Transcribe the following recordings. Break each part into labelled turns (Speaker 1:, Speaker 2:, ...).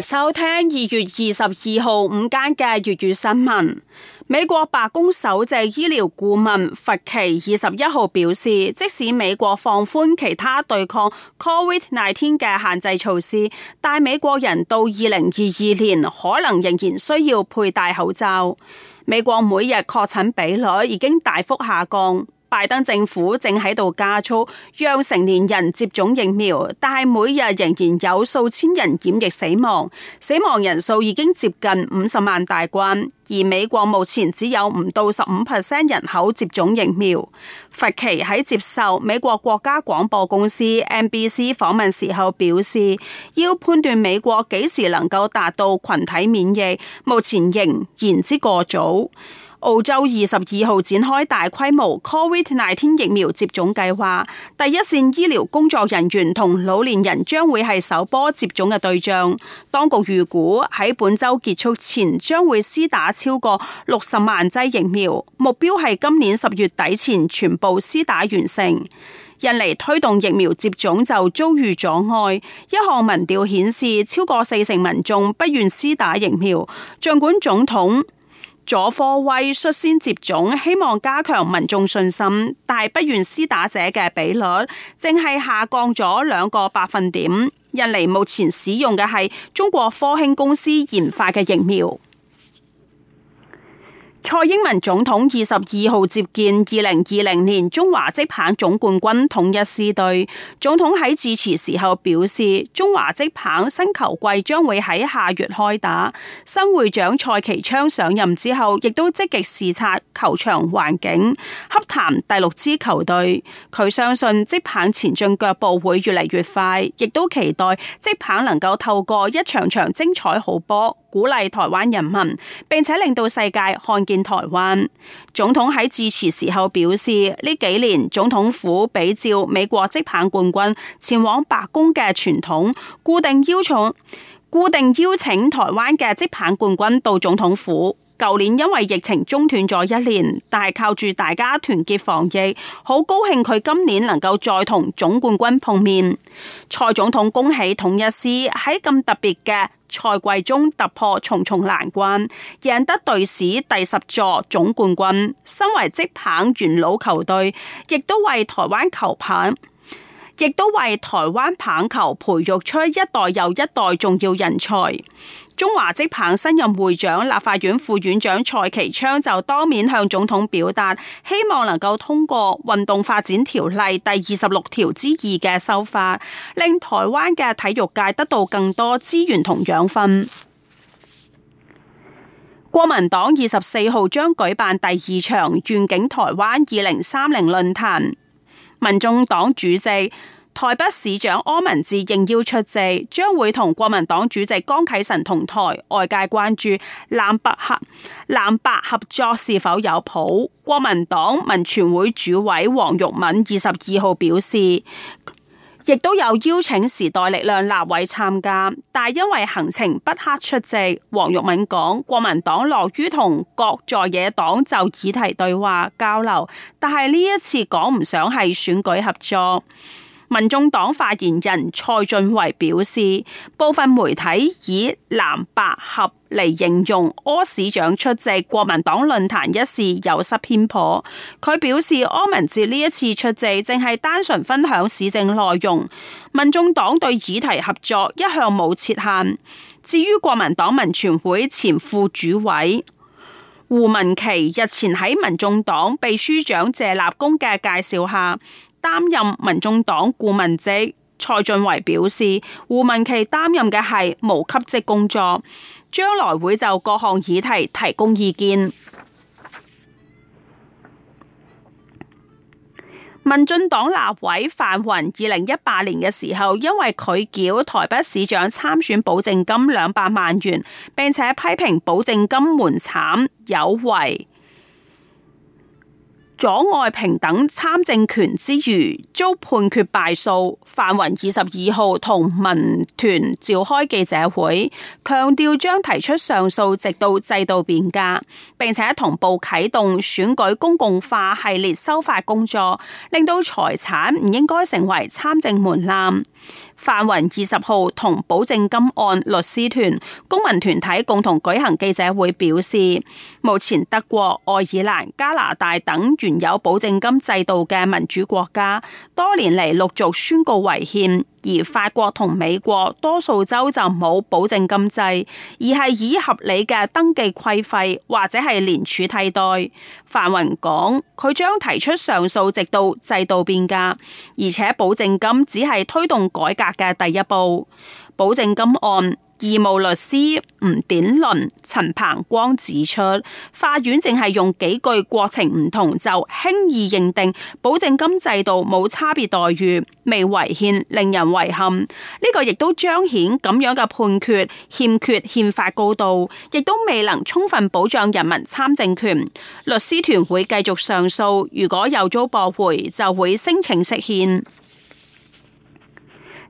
Speaker 1: 收聽二月二十二號午間嘅粵語新聞。美國白宮首席醫療顧問佛奇二十一號表示，即使美國放寬其他對抗 Covid nineteen 嘅限制措施，但美國人到二零二二年可能仍然需要佩戴口罩。美國每日確診比率已經大幅下降。拜登政府正喺度加速讓成年人接種疫苗，但係每日仍然有數千人染疫死亡，死亡人數已經接近五十萬大關。而美國目前只有唔到十五 percent 人口接種疫苗。佛奇喺接受美國國家廣播公司 NBC 訪問時候表示，要判斷美國幾時能夠達到群體免疫，目前仍然言之過早。澳洲二十二號展開大規模 COVID-19 疫苗接種計劃，第一線醫療工作人員同老年人將會係首波接種嘅對象。當局預估喺本周結束前將會施打超過六十萬劑疫苗，目標係今年十月底前全部施打完成。印尼推動疫苗接種就遭遇阻礙，一項民調顯示超過四成民眾不願施打疫苗。儘管總統。佐科威率先接種，希望加強民眾信心，但係不願施打者嘅比率正係下降咗兩個百分點，印尼目前使用嘅係中國科興公司研發嘅疫苗。蔡英文總統二十二號接見二零二零年中華職棒總冠軍統一獅隊。總統喺致辭時候表示，中華職棒新球季將會喺下月開打。新會長蔡其昌上任之後，亦都積極視察球場環境，洽談第六支球隊。佢相信職棒前進腳步會越嚟越快，亦都期待職棒能夠透過一場場精彩好波，鼓勵台灣人民，並且令到世界看見。台灣總統喺致辭時候表示，呢幾年總統府比照美國職棒冠軍前往白宮嘅傳統，固定邀請固定邀請台灣嘅職棒冠軍到總統府。舊年因為疫情中斷咗一年，但係靠住大家團結防疫，好高興佢今年能夠再同總冠軍碰面。蔡總統恭喜統一獅喺咁特別嘅。賽季中突破重重難關，贏得隊史第十座總冠軍。身為職棒元老球隊，亦都為台灣球棒。亦都為台灣棒球培育出一代又一代重要人才。中華職棒新任會長、立法院副院長蔡其昌就當面向總統表達，希望能夠通過《運動發展條例》第二十六條之二嘅修法，令台灣嘅體育界得到更多資源同養分。國民黨二十四號將舉辦第二場「願景台灣二零三零」論壇。民眾黨主席台北市長柯文哲應邀出席，將會同國民黨主席江啟臣同台，外界關注藍白合，藍白合作是否有譜？國民黨文傳會主委王育敏二十二號表示。亦都有邀請時代力量立委參加，但係因為行程不克出席。黃玉敏講，國民黨樂於同各在野黨就議題對話交流，但係呢一次講唔上係選舉合作。民眾黨發言人蔡俊維表示，部分媒體以藍白合嚟形容柯市長出席國民黨論壇一事有失偏頗。佢表示，柯文哲呢一次出席淨係單純分享市政內容。民眾黨對議題合作一向冇設限。至於國民黨文傳會前副主委胡文琪，日前喺民眾黨秘書長謝立功嘅介紹下，擔任民眾黨顧問職，蔡進為表示，胡文琪擔任嘅係無給職工作，將來會就各項議題提供意見。民進黨立委范雲，二零一八年嘅時候，因為拒繳台北市長參選保證金兩百萬元，並且批評保證金門檻有違。阻礙平等參政權之餘，遭判決敗訴。范雲二十二號同民團召開記者會，強調將提出上訴，直到制度變革，並且同步啟動選舉公共化系列修法工作，令到財產唔應該成為參政門檻。泛雲二十號同保證金案律師團、公民團體共同舉行記者會，表示目前德國、愛爾蘭、加拿大等原有保證金制度嘅民主國家，多年嚟陸續宣告違憲。而法國同美國多數州就冇保證金制，而係以合理嘅登記規費或者係連署替代。范雲講：佢將提出上訴，直到制度變革，而且保證金只係推動改革嘅第一步。保證金案。義務律師吳典倫、陳鵬光指出，法院淨係用幾句國情唔同就輕易認定保證金制度冇差別待遇，未違憲，令人遺憾。呢、這個亦都彰顯咁樣嘅判決欠缺憲法高度，亦都未能充分保障人民參政權。律師團會繼續上訴，如果又遭駁回，就會聲請釋憲。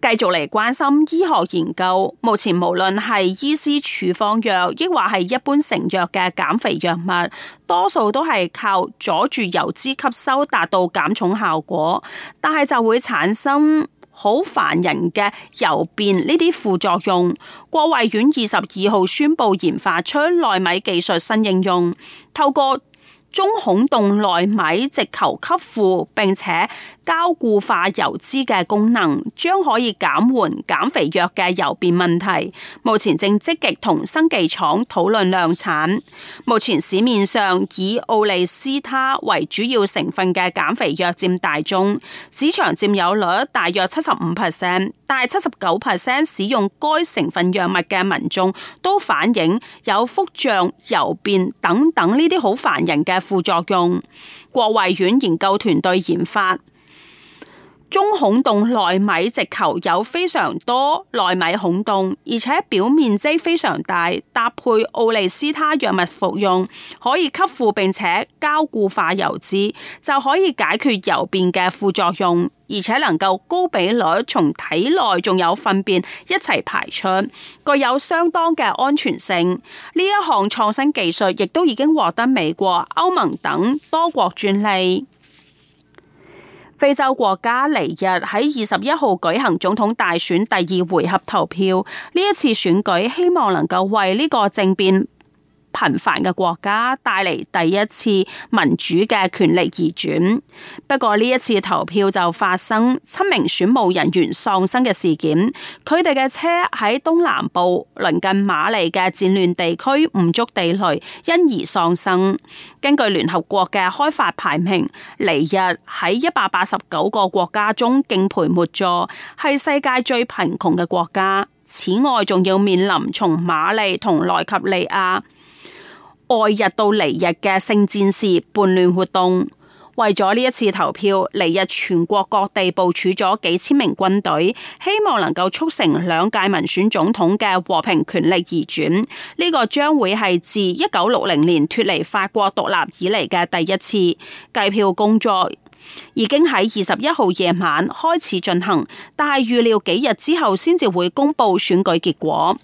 Speaker 1: 繼續嚟，關心醫學研究。目前無論係醫師處方藥，亦或係一般成藥嘅減肥藥物，多數都係靠阻住油脂吸收達到減重效果，但係就會產生好煩人嘅油便呢啲副作用。國衛院二十二號宣布研發出奈米技術新應用，透過中孔洞奈米直球吸附並且膠固化油脂嘅功能，將可以減緩減肥藥嘅油便問題。目前正積極同生技廠討論量產。目前市面上以奧利司他為主要成分嘅減肥藥佔大宗，市場佔有率大約七十五 percent，但係七十九 percent 使用該成分藥物嘅民眾都反映有腹脹、油便等等呢啲好煩人嘅。副作用，國衛院研究團隊研發。中孔洞奈米直球有非常多奈米孔洞，而且表面積非常大，搭配奧利司他藥物服用，可以吸附並且膠固化油脂，就可以解決油便嘅副作用，而且能夠高比率從體內仲有糞便一齊排出，具有相當嘅安全性。呢一項創新技術亦都已經獲得美國、歐盟等多國專利。非洲國家尼日爾喺二十一號舉行總統大選第二回合投票，呢一次選舉希望能夠為呢個政變頻繁嘅國家帶嚟第一次民主嘅權力移轉，不過呢一次投票就發生七名選務人員喪生嘅事件。佢哋嘅車喺東南部鄰近馬里嘅戰亂地區誤觸地雷，因而喪生。根據聯合國嘅開發排名，尼日喺一百八十九個國家中敬陪末座，係世界最貧窮嘅國家。此外，仲要面臨從馬里同奈及利亞。外日到尼日嘅聖戰士叛亂活動，為咗呢一次投票，尼日全國各地部署咗幾千名軍隊，希望能夠促成兩屆民選總統嘅和平權力移轉。呢個將會係自一九六零年脱離法國獨立以嚟嘅第一次計票工作，已經喺二十一號夜晚開始進行，但係預料幾日之後先至會公布選舉結果。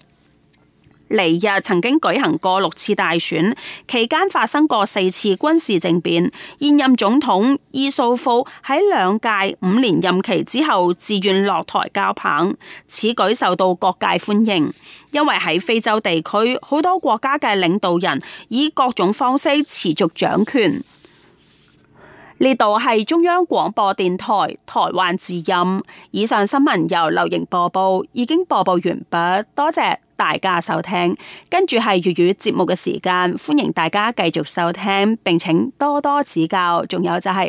Speaker 1: 尼日曾經舉行過六次大選，期間發生過四次軍事政變。現任總統伊素夫喺兩屆五年任期之後自願落台交棒，此舉受到各界歡迎。因為喺非洲地區，好多國家嘅領導人以各種方式持續掌權。呢度係中央廣播電台台灣之音。以上新聞由劉瑩播報，已經播報完畢，多謝。大家收聽，跟住係粵語節目嘅時間，歡迎大家繼續收聽，並請多多指教。仲有就係、是。